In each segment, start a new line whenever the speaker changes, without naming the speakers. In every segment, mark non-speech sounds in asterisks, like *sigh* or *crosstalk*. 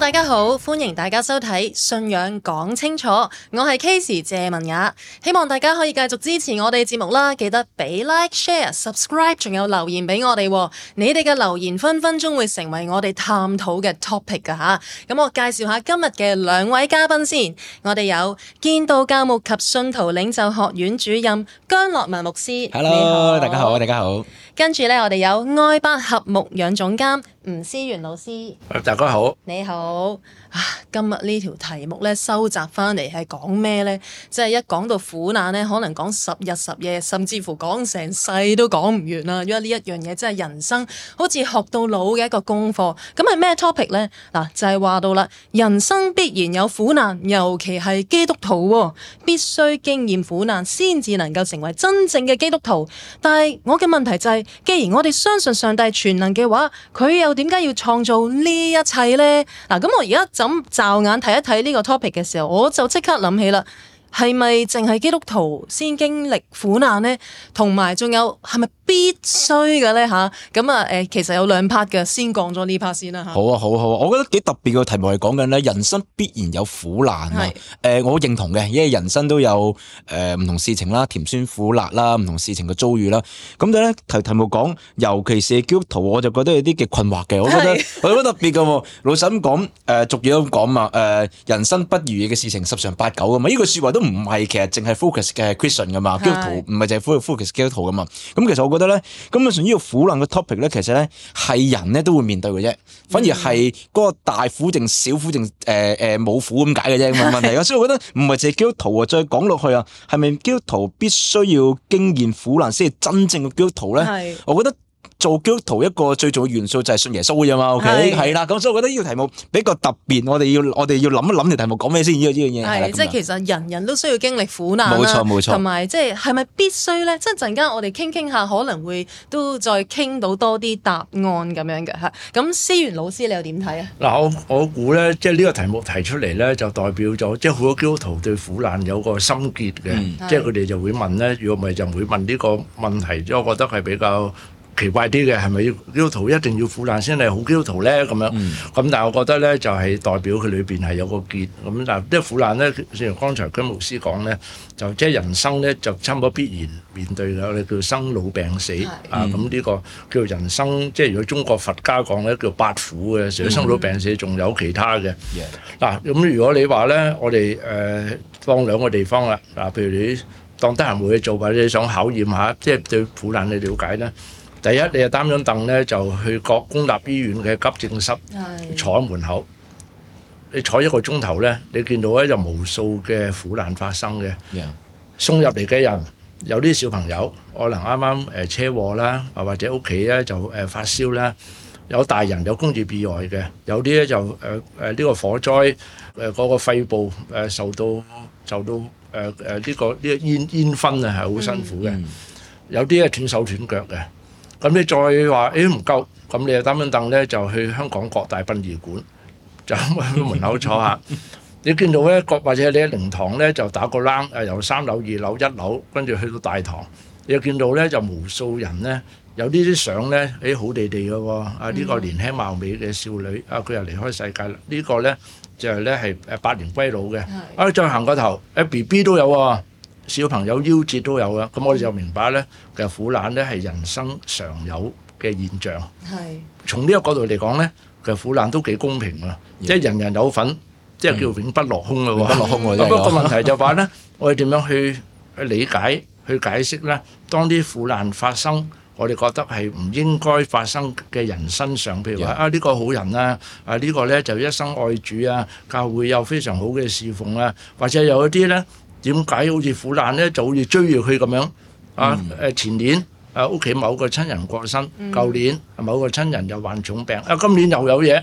大家好，歡迎大家收睇《信仰講清楚》，我係 Casey 謝文雅，希望大家可以繼續支持我哋節目啦，記得俾 Like、Share、Subscribe，仲有留言俾我哋，你哋嘅留言分分鐘會成為我哋探討嘅 topic 噶吓。咁我介紹下今日嘅兩位嘉賓先，我哋有建道教牧及信徒領袖學院主任姜樂文牧師。Hello，大家好，大家好。跟住咧，我哋有愛百合牧養總監吳思源老師。
大家好，
你好。啊，今日呢條題目咧收集翻嚟係講咩呢？即、就、係、是、一講到苦難呢，可能講十日十夜，甚至乎講成世都講唔完啦、啊。因為呢一樣嘢真係人生好似學到老嘅一個功課。咁係咩 topic 呢？嗱、啊，就係、是、話到啦，人生必然有苦難，尤其係基督徒、哦、必須經驗苦難，先至能夠成為真正嘅基督徒。但係我嘅問題就係、是，既然我哋相信上帝全能嘅話，佢又點解要創造呢一切呢？嗱、啊，咁我而家。咁驟眼睇一睇呢個 topic 嘅時候，我就即刻諗起啦。係咪淨係基督徒先經歷苦難呢？同埋仲有係咪必須嘅咧？吓咁啊！誒，其實有兩 part 嘅，先講咗呢 part 先啦吓。
好啊，好、啊，好，我覺得幾特別嘅題目係講緊咧，人生必然有苦難啊！誒、呃，我認同嘅，因為人生都有誒唔、呃、同事情啦，甜酸苦辣啦，唔同事情嘅遭遇啦。咁咧題題目講，尤其是基督徒，我就覺得有啲嘅困惑嘅。我覺得好特別嘅， *laughs* 老實咁講誒俗語都咁講嘛，誒、呃、人生不如嘅事情十常八九嘅嘛，呢句說話都。唔係，其實淨係 focus 嘅 question 噶嘛，基督徒唔係淨係 focus 基督徒噶嘛。咁其實我覺得咧，咁啊，呢個苦難嘅 topic 咧，其實咧係人咧都會面對嘅啫。反而係嗰個大苦定小苦定誒誒冇苦咁解嘅啫，冇問題。所以我覺得唔係淨係基督徒啊，再講落去啊，係咪基督徒必須要經驗苦難先係真正嘅基督徒咧？我覺得。做基督徒一個最重要元素就係信耶穌嘅嘛，O K 係啦，咁、okay? 所以我覺得呢個題目比較特別，我哋要我哋要諗一諗條題目講咩先呢？呢、呢個、樣嘢係即係
其實人人都需要經歷苦難冇錯冇錯，同埋即係係咪必須咧？即係一陣間我哋傾傾下，可能會都再傾到多啲答案咁樣嘅吓。咁思源老師你又點睇啊？
嗱，我我估咧，即係呢個題目提出嚟咧，就代表咗即係好多基督徒對苦難有個心結嘅、嗯，即係佢哋就會問咧，如果唔係就會問呢會問呢個問題，即我覺得係比較。奇怪啲嘅係咪要基督徒一定要苦難先係好基督徒咧？咁樣咁、嗯，但係我覺得呢，就係、是、代表佢裏邊係有個結咁嗱，即係苦難呢，正如剛才居牧師講呢，就即係、就是、人生呢，就差唔多必然面對嘅，我哋叫生老病死、嗯、啊。咁呢個叫人生，即係如果中國佛家講呢，叫八苦嘅，除咗生老病死，仲有其他嘅。嗱、嗯、咁、啊、如果你話呢，我哋誒、呃、當兩個地方啦，嗱、啊，譬如你當得閒冇嘢做或者想考驗下，即、就、係、是、對苦難嘅了解呢。第一，你啊擔張凳咧，就去各公立醫院嘅急症室坐喺門口。你坐一個鐘頭咧，你見到咧就無數嘅苦難發生嘅。送入嚟嘅人有啲小朋友，可能啱啱誒車禍啦，啊或者屋企咧就誒發燒啦，有大人有工業意外嘅，有啲咧就誒誒呢個火災誒嗰、呃嗰個肺部誒、呃、受到受到誒誒呢個呢、呢個煙煙燻啊係好辛苦嘅、嗯，有啲係斷手斷腳嘅。咁你再話誒唔夠，咁你又擔張凳咧就去香港各大殯儀館，就喺門口坐下。你見到咧，或或者你喺靈堂咧就打個躝，誒由三樓、二樓、一樓，跟住去到大堂，你就見到咧就無數人咧，有呢啲相咧，誒好地地嘅喎。啊呢個年輕貌美嘅少女，啊佢又離開世界啦。呢個咧就係咧係誒百年歸老嘅。啊再行過頭，誒 B B 都有喎。小朋友夭折都有啊，咁我哋就明白咧其實苦難咧係人生常有嘅現象。
係。
從呢一個角度嚟講咧，其實苦難都幾公平啊，即係人人有份，即係叫永不落空嘅喎。永不落空嘅。不過個問題就話咧，我哋點樣去去理解、去解釋咧？當啲苦難發生，我哋覺得係唔應該發生嘅人身上，譬如話啊呢個好人啊，啊呢個咧就一生愛主啊，教會有非常好嘅侍奉啊，或者有一啲咧。點解好似苦難咧，就好似追住佢咁樣、嗯、啊？誒前年啊，屋企某個親人過身，舊、嗯、年某個親人又患重病，啊今年又有嘢，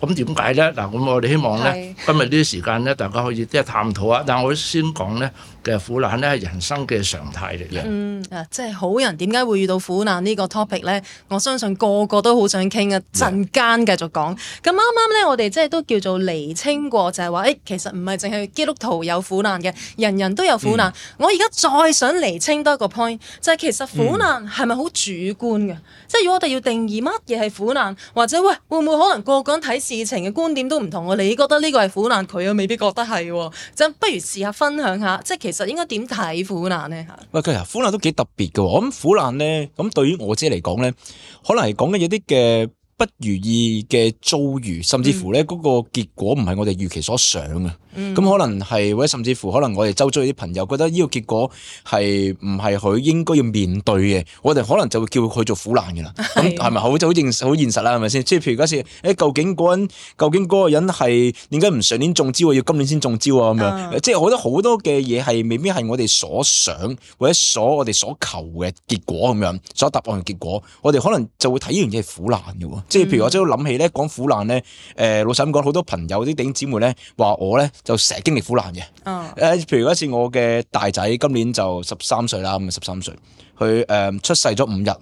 咁點解咧？嗱、啊，咁我哋希望咧，今日呢啲時間咧，大家可以即係探討啊。但係我先講咧。嘅苦難咧，係人生嘅常態嚟
嘅。嗯啊，即係好人點解會遇到苦難這個呢個 topic 咧？我相信個個都好想傾啊，陣間繼續講。咁啱啱咧，我哋即係都叫做釐清過，就係話誒，其實唔係淨係基督徒有苦難嘅，人人都有苦難。嗯、我而家再想釐清多一個 point，就係、是、其實苦難係咪好主觀嘅、嗯？即係如果我哋要定義乜嘢係苦難，或者喂，會唔會可能個個睇事情嘅觀點都唔同？我你覺得呢個係苦難，佢又未必覺得係。就不如試下分享下，即係其實。就應該點睇苦難呢？嚇、
哎？喂，其實苦難都幾特別嘅喎。我諗苦難咧，咁對於我自己嚟講咧，可能係講嘅有啲嘅不如意嘅遭遇，甚至乎咧，嗰個結果唔係我哋預期所想啊。嗯咁、嗯、可能係或者甚至乎可能我哋周遭啲朋友覺得呢個結果係唔係佢應該要面對嘅，我哋可能就會叫佢做苦難嘅啦。咁係咪好好現實好現實啦？係咪先？即係譬如嗰次誒，究竟嗰個人究竟嗰個人係點解唔上年中招要今年先中招啊？咁樣即係我覺得好多好多嘅嘢係未必係我哋所想或者所我哋所求嘅結果咁樣，所答案嘅結果，我哋可能就會睇完係「苦難」嘅喎。即、嗯、係譬如我真係諗起咧，講苦難咧，誒、呃、老實咁講，好多朋友啲頂姊妹咧話我咧。就成日經歷苦難嘅，誒、哦，譬如嗰次我嘅大仔今年就十三歲啦，咁啊十三歲，佢誒出世咗五日，誒、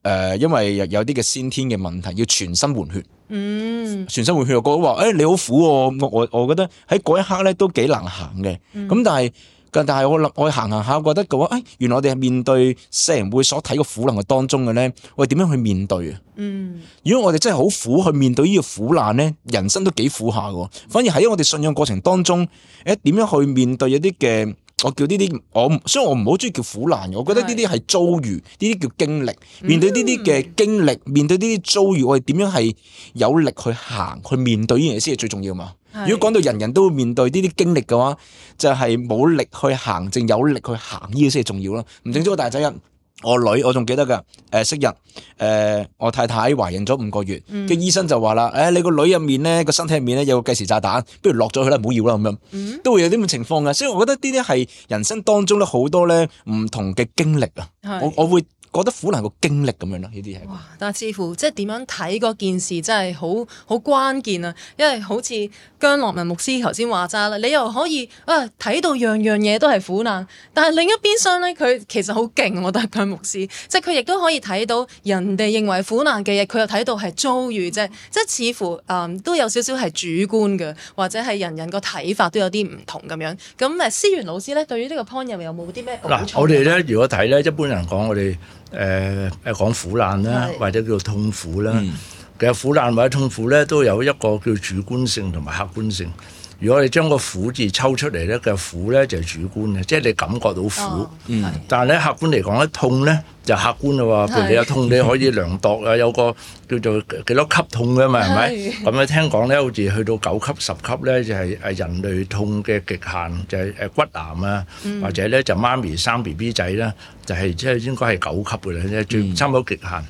呃，因為有啲嘅先天嘅問題要全身換血，
嗯，
全身換血，我覺得話，誒、欸，你好苦、啊，我我我覺得喺嗰一刻咧都幾難行嘅，咁、嗯、但係。但係我諗我行行下，我覺得嘅話，誒、哎，原來我哋係面對世人會所睇嘅苦難嘅當中嘅咧，我哋點樣去面對啊？嗯，如果我哋真係好苦去面對呢個苦難咧，人生都幾苦下嘅。反而喺我哋信仰過程當中，誒、哎，點樣去面對一啲嘅，我叫呢啲、嗯，我雖然我唔好中意叫苦難嘅，我覺得呢啲係遭遇，呢啲叫經歷。面對呢啲嘅經歷，面對呢啲遭遇，我哋點樣係有力去行去面對呢樣嘢先係最重要嘛？如果講到人人都會面對呢啲經歷嘅話，就係、是、冇力去行，淨，有力去行呢啲先係重要咯。唔止咗個大仔人，我女我仲記得㗎，誒、呃，昔日，誒、呃，我太太懷孕咗五個月，個、嗯、醫生就話啦，誒、哎，你個女入面咧個身體入面咧有個計時炸彈，不如落咗去啦，唔好要啦咁樣，都會有啲咁嘅情況嘅、嗯。所以我覺得呢啲係人生當中咧好多咧唔同嘅經歷啊，我我會。覺得苦難個經歷咁樣咯，呢啲係。哇！
但係似乎即係點樣睇嗰件事，真係好好關鍵啊！因為好似姜樂文牧師頭先話齋啦，你又可以啊睇到樣樣嘢都係苦難，但係另一邊廂咧，佢其實好勁，我覺得姜牧師，即係佢亦都可以睇到人哋認為苦難嘅嘢，佢又睇到係遭遇啫。即係似乎、嗯、都有少少係主觀嘅，或者係人人個睇法都有啲唔同咁樣。咁誒思源老師咧，對於呢個 point 入面有冇啲咩？嗱，我哋
咧如果睇咧，一般人講我哋。誒、呃、誒講苦難啦，或者叫做痛苦啦。其實苦難或者痛苦咧，都有一個叫主觀性同埋客觀性。如果你哋將、那個苦字抽出嚟咧，那個苦咧就係、是、主觀嘅，即、就、係、是、你感覺到苦、哦。但係咧客觀嚟講，咧痛咧就是、客觀啦，譬如你有痛，你可以量度啊，有個叫做幾多級痛嘅嘛，係咪？咁咧聽講咧，好似去到九級十級咧，就係、是、誒人類痛嘅極限，就係、是、誒骨癌啊，嗯、或者咧就是、媽咪生 B B 仔咧，就係即係應該係九級嘅啦，最差唔多極限。咁、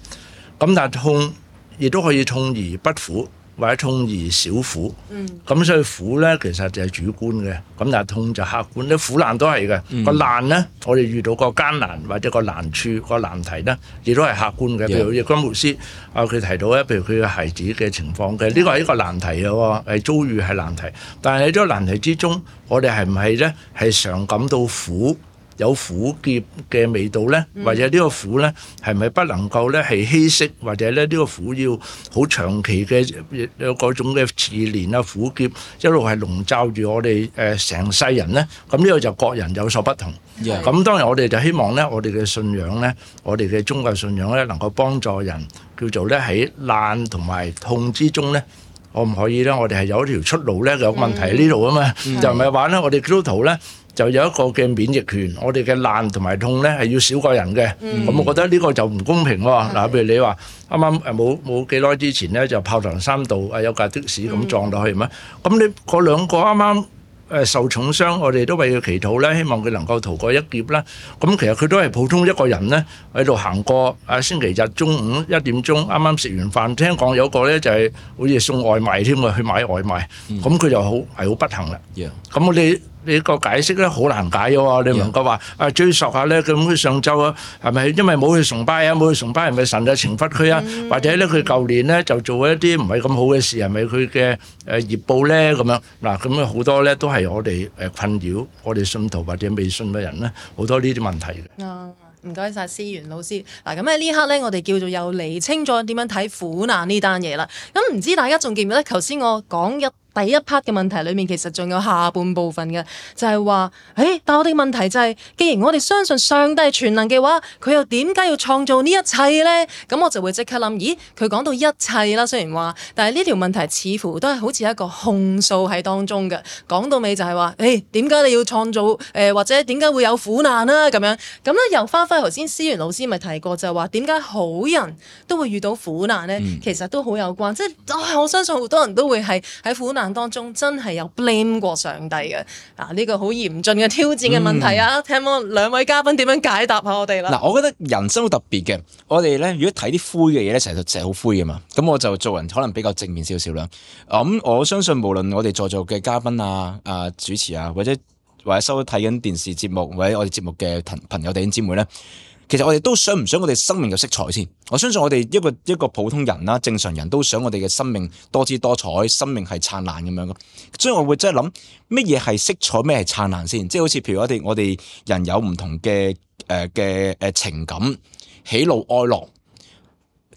嗯、但係痛亦都可以痛而不苦。或者痛而少苦，咁、嗯、所以苦呢，其實就係主觀嘅，咁但係痛就客觀咧，苦難都係嘅。嗯，個難呢，我哋遇到個艱難或者個難處、個難題呢，亦都係客觀嘅、嗯。譬如葉君牧師啊，佢、呃、提到咧，譬如佢嘅孩子嘅情況嘅，呢、呢個係一個難題喎，係遭遇係難題。但係喺呢個難題之中，我哋係唔係咧係常感到苦？有苦澀嘅味道呢,或者呢個苦係咪不能夠係稀釋,或者呢個苦要好長期嘅有嗰種嘅自憐啊苦澀,一路係籠罩住我哋成世人呢,咁呢個就各人有所不同。咁當然,我哋就希望呢我哋嘅信仰呢,我哋嘅宗教信仰呢能夠幫助人叫做呢,喺難同埋痛之中呢,可唔可以呢?我哋係有一條出路呢,有問題喺呢度啊嘛,就唔係話呢,我哋基督徒呢 mm. mm. 就有一個嘅免疫權，我哋嘅難同埋痛咧係要少過人嘅，咁我覺得呢個就唔公平喎。嗱，譬如你話啱啱冇冇幾耐之前咧就炮台山道啊，有架的士咁撞落去嘛，咁你嗰兩個啱啱誒受重傷，我哋都為佢祈禱咧，希望佢能夠逃過一劫啦。咁其實佢都係普通一個人咧喺度行過啊，星期日中午一點鐘啱啱食完飯，聽講有個咧就係好似送外賣添啊，去買外賣，咁佢就好係好不幸啦。咁我哋。呢、這個解釋咧好難解喎，你唔能夠話、yeah. 啊追溯下咧，咁佢上週啊係咪因為冇去崇拜啊，冇去崇拜是是、啊，係咪神就懲罰佢啊、嗯？或者咧佢舊年咧就做一啲唔係咁好嘅事，係咪佢嘅誒業報咧咁樣嗱？咁、啊、好多咧都係我哋誒困擾我哋信徒或者未信嘅人咧，好多呢啲問題嘅。
唔該晒思源老師嗱，咁喺呢刻咧，我哋叫做又釐清咗點樣睇苦難呢單嘢啦。咁唔知大家仲記唔記得頭先我講一第一 part 嘅問題裏面，其實仲有下半部分嘅，就係話誒，但我哋問題就係、是、既然我哋相信上帝全能嘅話，佢又點解要創造呢一切咧？咁我就會即刻諗咦，佢講到一切啦，雖然話，但係呢條問題似乎都係好似一個控訴喺當中嘅。講到尾就係話誒，點解你要創造？誒、呃、或者點解會有苦難啊？咁樣咁咧，又翻返頭先，思源老師咪提過就係話點解好人，都會遇到苦難咧、嗯？其實都好有關，即、就、係、是、我相信好多人都會係喺苦難。當中真係有 blame 過上帝嘅。啊呢、呢個好嚴峻嘅挑戰嘅問題啊，嗯、請問兩位嘉賓點樣解答下我哋啦？嗱、嗯，我
覺得人生好特別嘅，我哋咧，如果睇啲灰嘅嘢咧，成日成日好灰嘅嘛。咁我就做人可能比較正面少少啦。咁、嗯、我相信無論我哋在座嘅嘉賓啊、啊主持啊，或者或者收睇緊電視節目或者我哋節目嘅朋朋友弟兄姊妹咧，其實我哋都想唔想我哋生命嘅色彩先？我相信我哋一個一個普通人啦，正常人都想我哋嘅生命多姿多彩，生命係燦爛咁樣咯。所以我會真係諗乜嘢係色彩，咩係燦爛先？即係好似譬如我哋我哋人有唔同嘅誒嘅誒情感，喜怒哀樂。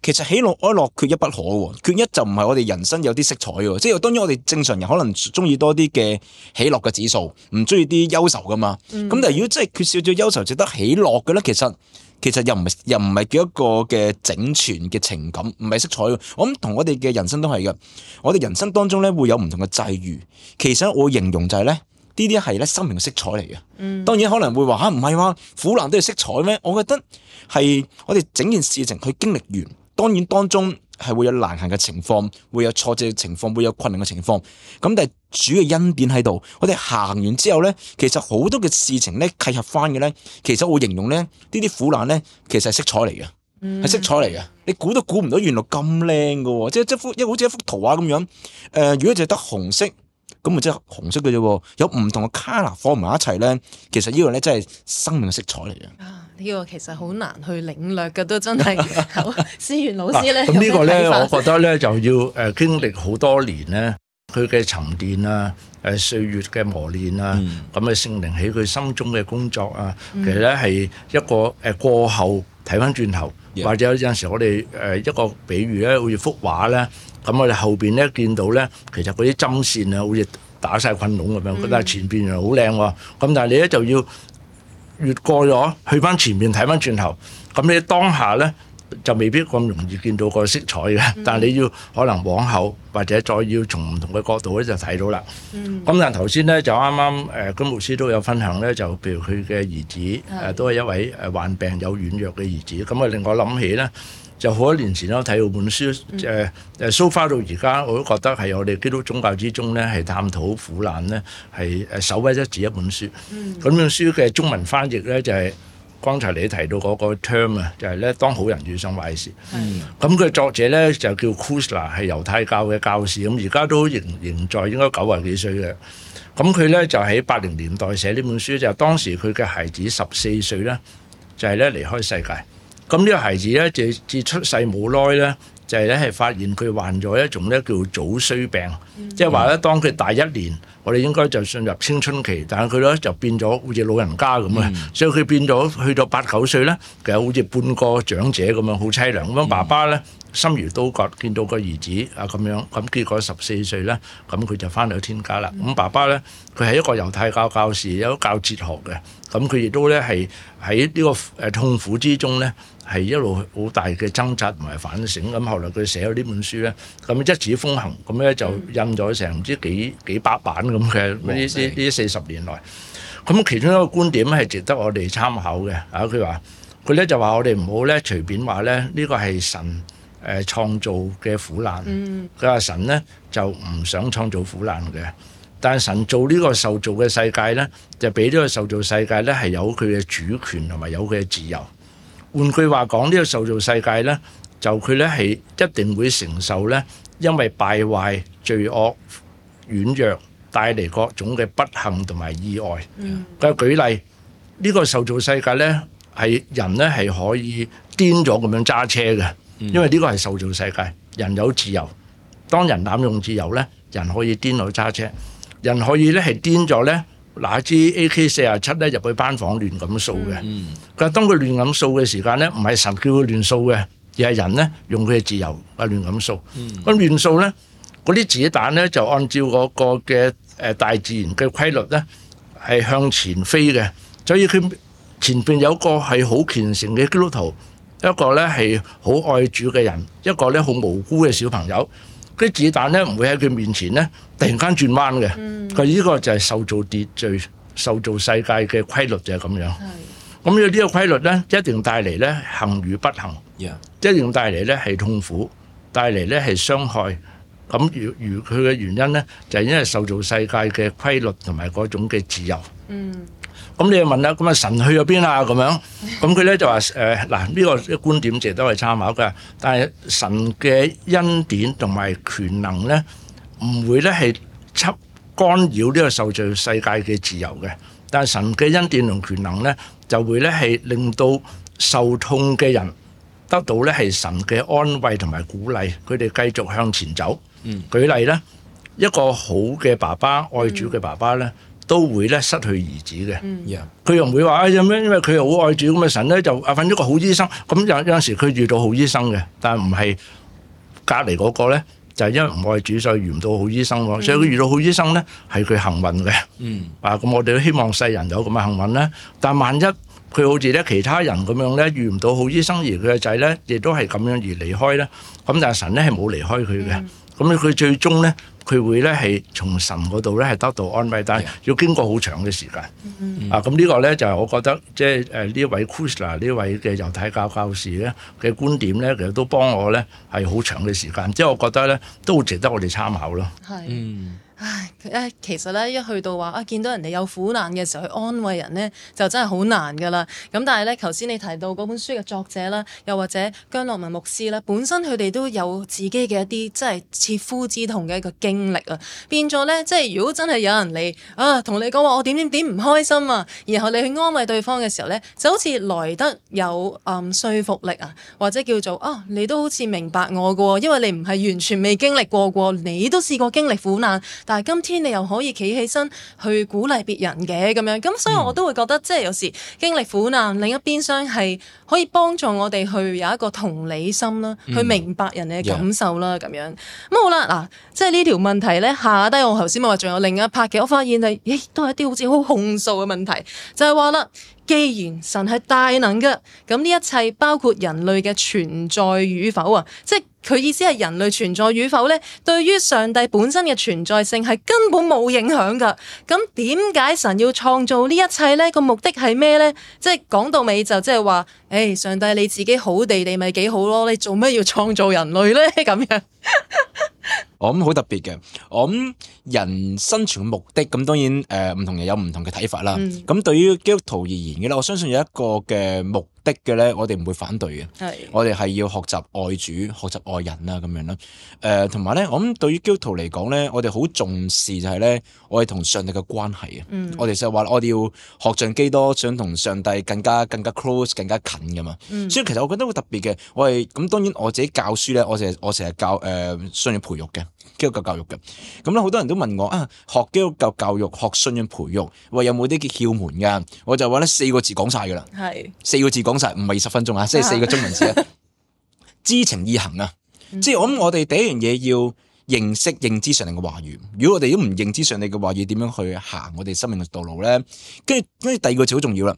其實喜樂哀樂缺一不可，缺一就唔係我哋人生有啲色彩喎，即係當然我哋正常人可能中意多啲嘅喜樂嘅指數，唔中意啲憂愁噶嘛。咁、嗯、但係如果真係缺少咗憂愁，值得喜樂嘅咧，其實其實又唔又唔係叫一個嘅整全嘅情感，唔係色彩。我諗同我哋嘅人生都係嘅，我哋人生當中咧會有唔同嘅際遇。其實我形容就係、是、咧，呢啲係咧生命色彩嚟嘅、嗯。當然可能會話吓唔係話苦難都要色彩咩？我覺得係我哋整件事情佢經歷完。當然當中係會有難行嘅情況，會有挫折嘅情況，會有困難嘅情況。咁但係主要因典喺度，我哋行完之後咧，其實好多嘅事情咧契合翻嘅咧，其實我形容咧呢啲苦難咧，其實係色彩嚟嘅，
係、嗯、色彩
嚟嘅。你估都估唔到，原來咁靚嘅，即係即係一好似一幅圖畫咁樣。誒、呃，如果就係得紅色，咁咪即係紅色嘅啫。有唔同嘅卡 o l 放埋一齊咧，其實這個呢個咧真係生命嘅色彩嚟嘅。
呢個其實好難去領略嘅，都真係思源老師咧。咁呢個咧，我覺
得咧就要誒經歷好
多年咧，佢嘅沉澱啊，誒歲月嘅磨練啊，咁嘅聖靈喺佢心中嘅工作啊，其實咧係一個誒過後睇翻轉頭，或者有陣時我哋誒一個比喻咧，好似幅畫咧，咁我哋後邊咧見到咧，其實嗰啲針線啊，好似打曬困籠咁樣，覺得前邊又好靚喎，咁但係你咧就要，越過咗，去翻前面睇翻轉頭，咁你當下咧就未必咁容易見到個色彩嘅，但係你要可能往後或者再要從唔同嘅角度咧就睇到啦。咁但係頭先咧就啱啱誒金牧師都有分享咧，就譬如佢嘅兒子誒都係一位誒患病有軟弱嘅兒子，咁啊令我諗起咧。就好多年前咯，睇佢本書，誒、嗯、誒，so、呃、far、so、到而家我都覺得係我哋基督宗教之中咧，係探討苦難咧，係誒首屈一指一本書。咁、嗯、本書嘅中文翻譯咧就係、是、剛才你提到嗰個 term 啊，就係咧當好人遇上壞事。咁、嗯、佢作者咧就叫 Kushner 係猶太教嘅教士，咁而家都仍仍在，應該九啊幾歲嘅。咁佢咧就喺八零年代寫呢本書，就是、當時佢嘅孩子十四歲啦，就係、是、咧離開世界。咁呢個孩子咧，就至出世冇耐咧，就係咧係發現佢患咗一種咧叫做早衰病，嗯、即係話咧，當佢大一年，我哋應該就進入青春期，但係佢咧就變咗好似老人家咁啊、嗯，所以佢變咗去到八九歲咧，其實好似半個長者咁樣，好凄涼。咁、嗯、爸爸咧心如刀割，見到個兒子啊咁樣，咁結果十四歲咧，咁佢就翻嚟天家啦。咁、嗯、爸爸咧，佢係一個猶太教教士，有教哲學嘅，咁佢亦都咧係喺呢個誒痛苦之中咧。係一路好大嘅掙扎同埋反省，咁後來佢寫咗呢本書咧，咁一紙風行，咁咧就印咗成唔知幾、嗯、幾百版咁嘅呢呢四十年來，咁其中一個觀點係值得我哋參考嘅啊！佢話佢咧就話我哋唔好咧隨便話咧呢、這個係神誒創、呃、造嘅苦難，佢、嗯、話神咧就唔想創造苦難嘅，但係神做呢個受造嘅世界咧，就俾呢個受造世界咧係有佢嘅主權同埋有佢嘅自由。換句話講，呢個受造世界呢，就佢呢係一定會承受呢，因為敗壞、罪惡、軟弱帶嚟各種嘅不幸同埋意外。佢舉例，呢個受造世界呢係人呢係可以癲咗咁樣揸車嘅，因為呢個係受造世界，人有自由。當人濫用自由呢，人可以癲到揸車，人可以呢係癲咗呢。嗱，支 AK 四七咧入去班房亂咁掃嘅，但係當佢亂咁掃嘅時間咧，唔係神叫佢亂掃嘅，而係人咧用佢嘅自由啊亂咁掃。咁亂掃咧，嗰啲子彈咧就按照嗰個嘅誒大自然嘅規律咧係向前飛嘅，所以佢前邊有個係好虔誠嘅基督徒，一個咧係好愛主嘅人，一個咧好無辜嘅小朋友，嗰啲子彈咧唔會喺佢面前咧。突然間轉彎嘅，佢呢個就係受造秩序、受造世界嘅規律就係咁樣。咁呢個呢個規律咧，一定帶嚟咧幸與不幸，一定帶嚟咧係痛苦，帶嚟咧係傷害。咁如如佢嘅原因咧，就係因為受造世界嘅規律同埋嗰種嘅自由。咁你就問啦，咁啊神去咗邊啊？咁樣，咁佢咧就話誒嗱，呢個啲觀點，值都係參考嘅。但係神嘅恩典同埋權能咧。唔會咧係插干擾呢個受罪世界嘅自由嘅，但係神嘅恩典同權能咧就會咧係令到受痛嘅人得到咧係神嘅安慰同埋鼓勵，佢哋繼續向前走。嗯，舉例咧，一個好嘅爸爸愛主嘅爸爸咧，都會咧失去兒子嘅。嗯，佢又唔會話啊，因為因為佢又好愛主咁啊，神咧就揾咗個好醫生。咁有有陣時佢遇到好醫生嘅，但係唔係隔籬嗰個咧。就係、是、因為唔愛主，所以遇唔到好醫生、嗯、所以佢遇到好醫生呢，係佢幸運嘅。
嗯，
啊，咁我哋都希望世人有咁嘅幸運啦。但萬一佢好似咧其他人咁樣呢，遇唔到好醫生而佢嘅仔呢亦都係咁樣而離開呢。咁但係神呢係冇離開佢嘅。咁、嗯、佢最終呢。佢會咧係從神嗰度咧係得到安慰，但係要經過好長嘅時間。嗯嗯、啊，咁呢個咧就係、是、我覺得，即係誒呢一位 Koosla 呢位嘅猶太教教士咧嘅觀點咧，其實都幫我咧係好長嘅時間。即係我覺得咧都好值得我哋參考咯。
係，嗯，唉，其實咧一去到話啊，見到人哋有苦難嘅時候去安慰人咧，就真係好難㗎啦。咁但係咧，頭先你提到嗰本書嘅作者啦，又或者姜樂文牧師啦，本身佢哋都有自己嘅一啲即係切膚之痛嘅一個經經歷啊，變咗咧，即係如果真係有人嚟啊，同你講話我點點點唔開心啊，然後你去安慰對方嘅時候咧，就好似來得有誒、嗯、說服力啊，或者叫做啊，你都好似明白我嘅，因為你唔係完全未經歷過過，你都試過經歷苦難，但係今天你又可以企起身去鼓勵別人嘅咁樣，咁所以我都會覺得、嗯、即係有時經歷苦難另一邊廂係可以幫助我哋去有一個同理心啦，嗯、去明白人哋嘅感受啦，咁、嗯、樣咁、嗯嗯、好啦，嗱、啊，即係呢條。問題咧下低，我頭先咪話仲有另一 part 嘅，我發現係咦、欸，都係一啲好似好控訴嘅問題，就係話啦，既然神係大能嘅，咁呢一切包括人類嘅存在與否啊，即係佢意思係人類存在與否咧，對於上帝本身嘅存在性係根本冇影響噶。咁點解神要創造呢一切咧？個目的係咩咧？即係講到尾就即係話，誒、欸，上帝你自己好地地咪幾好咯，你做咩要創造人類咧？咁樣。 *laughs*
*laughs* 我諗好特別嘅，我諗人生存嘅目的，咁當然誒唔、呃、同人有唔同嘅睇法啦。咁、嗯、對於基督徒而言嘅啦，我相信有一個嘅目的嘅咧，我哋唔會反對嘅。係我哋係要學習愛主，學習愛人啦，咁樣啦。誒、呃，同埋咧，我諗對於基督徒嚟講咧，我哋好重視就係咧、嗯，我哋同上帝嘅關係啊。我哋就話我哋要學像基督，想同上帝更加更加 close、更加近噶嘛、嗯。所以其實我覺得好特別嘅，我係咁，當然我自己教書咧，我成我成日教誒信仰培嘅基督教教育嘅，咁咧好多人都問我啊，學基督教教育，學信仰培育，話有冇啲嘅竅門噶？我就話咧四個字講晒噶啦，係四個字講晒，唔係十分鐘啊，即係四個中文字啊， *laughs* 知情意行啊、嗯，即係我諗，我哋第一樣嘢要認識認知上帝嘅話語。如果我哋都唔認知上帝嘅話語，點樣去行我哋生命嘅道路咧？跟住跟住第二個字好重要啦，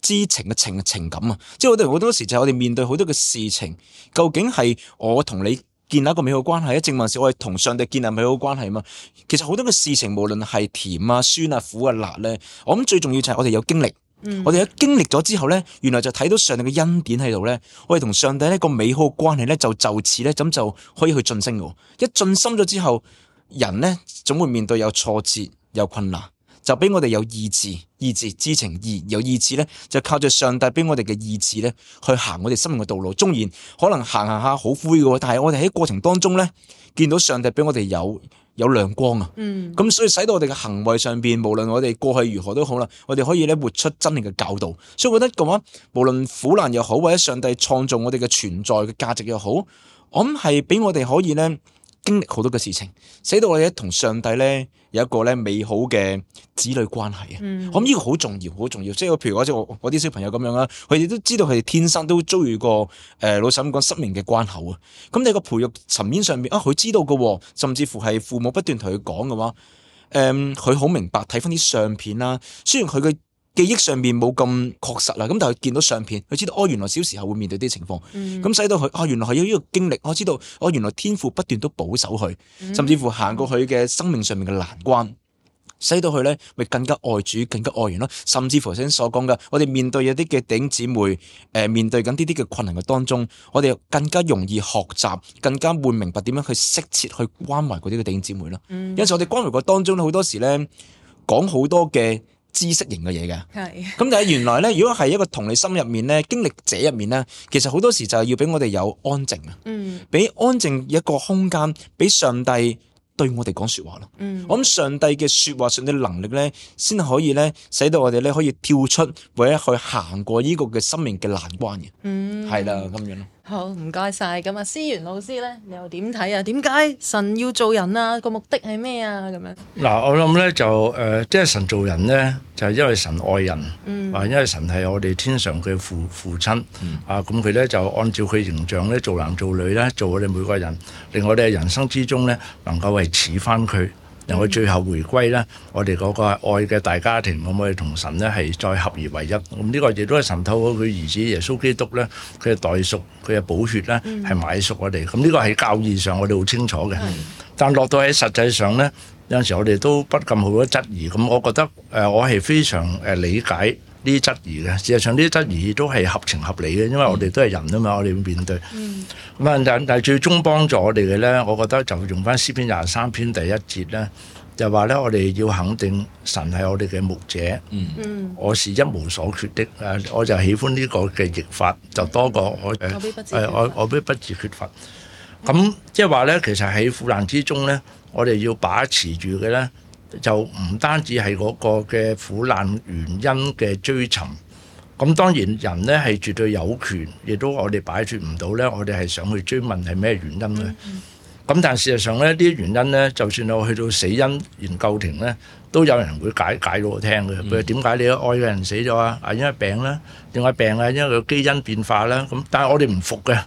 知情嘅情情感啊，即係我哋好多時就係我哋面對好多嘅事情，究竟係我同你？建立一個美好關係，正話是我哋同上帝建立美好關係嘛？其實好多嘅事情，無論係甜啊、酸啊、苦啊、辣咧，我諗最重要就係我哋有經歷、嗯，我哋一經歷咗之後咧，原來就睇到上帝嘅恩典喺度咧，我哋同上帝一個美好關係咧，就就此咧，咁就可以去晉升喎。一進深咗之後，人咧總會面對有挫折、有困難。就俾我哋有意志、意志、知情意，有意志咧，就靠住上帝俾我哋嘅意志咧，去行我哋生命嘅道路。縱然可能行行下好灰嘅，但係我哋喺過程當中咧，見到上帝俾我哋有有亮光啊！咁、嗯、所以使到我哋嘅行為上邊，無論我哋過去如何都好啦，我哋可以咧活出真理嘅教導。所以我覺得咁樣，無論苦難又好，或者上帝創造我哋嘅存在嘅價值又好，我諗係俾我哋可以咧。經歷好多嘅事情，使到我哋同上帝咧有一個咧美好嘅子女關係啊、
嗯！我諗
呢個好重要，好重要。即係譬如我我啲小朋友咁樣啦，佢哋都知道佢哋天生都遭遇過誒、呃，老實講失明嘅關口、嗯嗯、啊。咁你個培育層面上面啊，佢知道喎，甚至乎係父母不斷同佢講嘅話，誒、嗯，佢好明白睇翻啲相片啦。雖然佢嘅。記憶上面冇咁確實啦，咁但係見到相片，佢知道哦，原來小時候會面對啲情況，咁、嗯、使到佢哦，原來係有呢個經歷，我、哦、知道哦，原來天父不斷都保守佢、嗯，甚至乎行過佢嘅生命上面嘅難關，使到佢咧，咪更加愛主，更加愛人咯。甚至乎頭先所講嘅，我哋面對有啲嘅弟兄姊妹，誒、呃、面對緊呢啲嘅困難嘅當中，我哋更加容易學習，更加會明白點樣去適切去關懷嗰啲嘅弟兄姊妹啦。因、嗯、為我哋關懷嘅當中好多時咧講好多嘅。知識型嘅嘢嘅，咁但係原來咧，如果係一個同理心入面咧，經歷者入面咧，其實好多時候就係要俾我哋有安靜啊，俾、嗯、安靜一個空間，俾上帝對我哋講說話咯、嗯，我諗上帝嘅說話上嘅能力咧，先可以咧，使到我哋咧可以跳出或者去行過呢個嘅生命嘅難關嘅，係啦咁樣。
好，唔該曬。咁啊，思源老師咧，你又點睇啊？點解神要做人啊？個目的係咩啊？咁樣
嗱，我諗咧就誒，即係神做人咧，就係、是、因為神愛人，啊、嗯，因為神係我哋天上嘅父父親、嗯，啊，咁佢咧就按照佢形象咧做男做女呢，做我哋每個人，令我哋嘅人生之中咧能夠係似翻佢。我最後回歸啦，我哋嗰個愛嘅大家庭，可唔可以同神呢係再合而為一？咁、這、呢個亦都係神透過佢兒子耶穌基督呢，佢嘅代贖，佢嘅寶血呢係買贖我哋。咁、這、呢個喺教義上我哋好清楚嘅，但落到喺實際上呢，有陣時候我哋都不禁好多質疑。咁我覺得我係非常理解。啲質疑嘅，事實上啲質疑都係合情合理嘅，因為我哋都係人啊嘛、嗯，我哋要面對。咁、嗯、啊，但但最終幫助我哋嘅咧，我覺得就用返詩篇廿三篇第一節咧，就話咧我哋要肯定神係我哋嘅牧者。
嗯，我
是一無所缺的，誒，我就喜歡呢個嘅譯法，就多過我、嗯、我必不自缺乏。咁即係話咧，其實喺苦難之中咧，我哋要把持住嘅咧。就唔單止係嗰個嘅苦難原因嘅追尋，咁當然人呢係絕對有權，亦都我哋擺脫唔到呢我哋係想去追問係咩原因呢咁、嗯嗯、但事實上呢啲原因呢，就算我去到死因研究庭呢，都有人會解解到我聽嘅。譬如點解你愛嘅人死咗啊？啊，因為病啦，點解病啊，因為佢基因變化啦。咁但係我哋唔服嘅，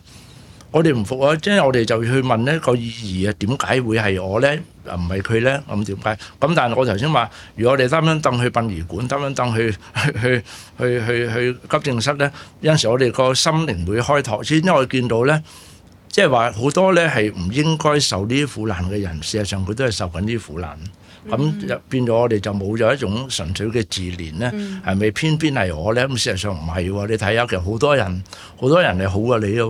我哋唔服啊！即係我哋就去問呢個意義啊，點解會係我呢？啊，唔係佢咧，我唔知點解。咁但係我頭先話，如果我哋擔張凳去殯儀館，擔張凳去去去去去急症室咧，有陣時我哋個心靈會開拓，先因為我見到咧，即係話好多咧係唔應該受呢啲苦難嘅人，事實上佢都係受緊啲苦難。咁、嗯、變咗我哋就冇咗一種純粹嘅自憐呢，係咪偏偏係我呢？咁事實上唔係喎，你睇下其實好多人，好多人係好過你嘅喎，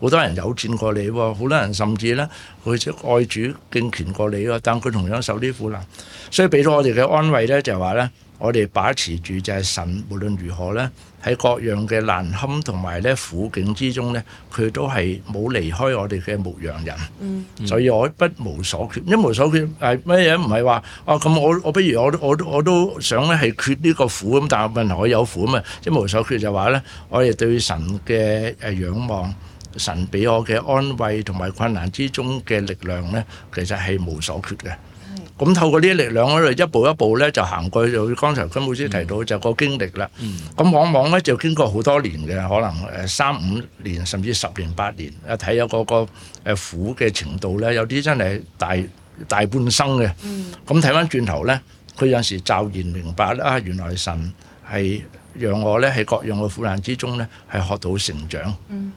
好多人有戰過你喎，好多人甚至呢，佢即愛主敬虔過你喎，但佢同樣受啲苦難，所以俾到我哋嘅安慰呢，就係、是、話呢。我哋把持住就係神，無論如何呢，喺各樣嘅難堪同埋咧苦境之中呢，佢都係冇離開我哋嘅牧羊人、嗯嗯，所以我不無所缺。一無所缺係咩嘢？唔係話啊，咁我我不如我我都我都想咧係缺呢個苦咁，但係問題我有苦啊嘛。一無所缺就話呢，我哋對神嘅誒仰望，神俾我嘅安慰同埋困難之中嘅力量呢，其實係無所缺嘅。咁透過啲力量嗰度一步一步咧就行過去，就剛才金牧師提到就個經歷啦。咁、嗯、往往咧就經過好多年嘅，可能誒三五年甚至十年八年啊，睇有嗰個誒苦嘅程度咧，有啲真係大大半生嘅。咁睇翻轉頭咧，佢有陣時驟然明白啊原來神係讓我咧喺各樣嘅苦難之中咧係學到成長。嗯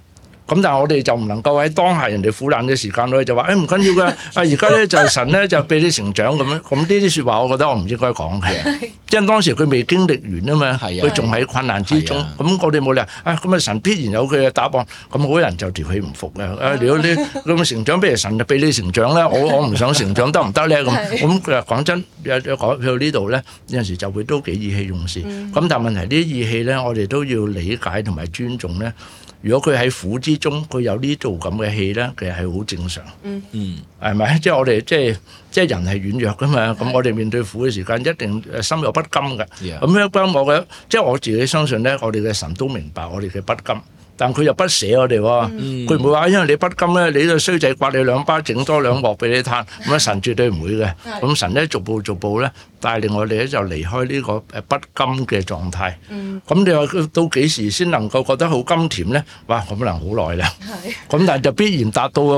咁但係我哋就唔能夠喺當下人哋苦難嘅時間內，就話誒，唔緊要嘅啊，而家咧就神咧就俾你成長。咁樣咁呢啲說話，我覺得我唔應該講嘅，因、yeah. 為當時佢未經歷完啊嘛，佢仲喺困難之中，咁、yeah. 我哋冇理由啊，咁啊，神必然有佢嘅答案，咁、那、好、個、人就調佢唔服嘅、yeah. 啊，如果你咁成長，不如神就俾你成長呢？我我唔想成長得唔得咧，咁咁佢話講真又講到呢度咧，有陣時就會都幾意氣用事，咁、mm. 但係問題呢啲意氣咧，我哋都要理解同埋尊重咧。如果佢喺苦之中，佢有這這呢度咁嘅戲咧，其實係好正常。嗯嗯，係咪？即係我哋即係即係人係軟弱㗎嘛。咁我哋面對苦嘅時間，一定心有不甘嘅。咁咧，不過我嘅即係我自己相信咧，我哋嘅神都明白我哋嘅不甘，但佢又不捨我哋喎、哦。佢、嗯、唔會話因為你不甘咧，你衰仔刮你兩巴，整多兩鑊俾你嘆。咁、嗯、啊，神絕對唔會嘅。咁神咧，逐步逐步咧。帶領我哋咧就離開呢個誒不甘嘅狀態。咁你話到幾時先能夠覺得好甘甜咧？哇！可能好耐啦。咁但係就必然達到嘅。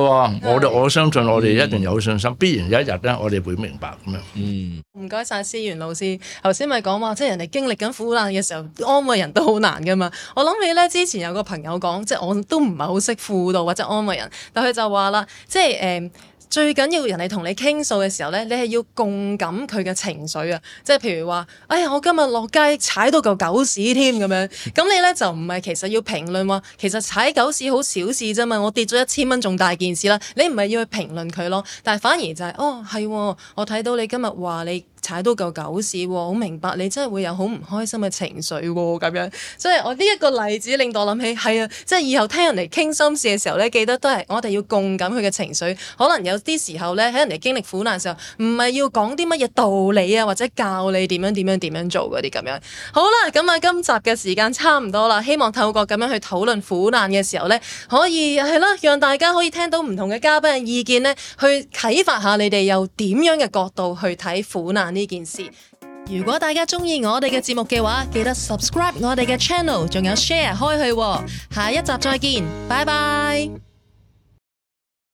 我哋我相信我哋一定有信心，嗯、必然有一日咧，我哋會明白咁樣。
唔該晒思源老師，頭先咪講話，即係人哋經歷緊苦難嘅時候，安慰人都好難噶嘛。我諗起咧，之前有個朋友講，即係我都唔係好識輔導或者安慰人，但佢就話啦，即係誒。呃最緊要人哋同你傾訴嘅時候咧，你係要共感佢嘅情緒啊！即係譬如話，哎呀，我今日落街踩到嚿狗屎添咁樣，咁你咧就唔係其實要評論話，其實踩狗屎好小事啫嘛，我跌咗一千蚊仲大件事啦，你唔係要去評論佢咯，但係反而就係、是，哦，係喎，我睇到你今日話你，踩到嚿狗屎，好明白你真係會有好唔開心嘅情緒咁、哦、樣，所以我呢一個例子令到我諗起，係啊，即係以後聽人哋傾心事嘅時候咧，記得都係我哋要共感佢嘅情緒。可能有啲時候咧，喺人哋經歷苦難嘅時候，唔係要講啲乜嘢道理啊，或者教你點樣點樣點樣做嗰啲咁樣。好啦，咁啊，今集嘅時間差唔多啦，希望透過咁樣去討論苦難嘅時候咧，可以係啦，讓大家可以聽到唔同嘅嘉賓嘅意見咧，去啟發一下你哋有點樣嘅角度去睇苦難。呢件事，如果大家中意我哋嘅節目嘅話，記得 subscribe 我哋嘅 channel，仲有 share 開去喎。下一集再見，拜拜。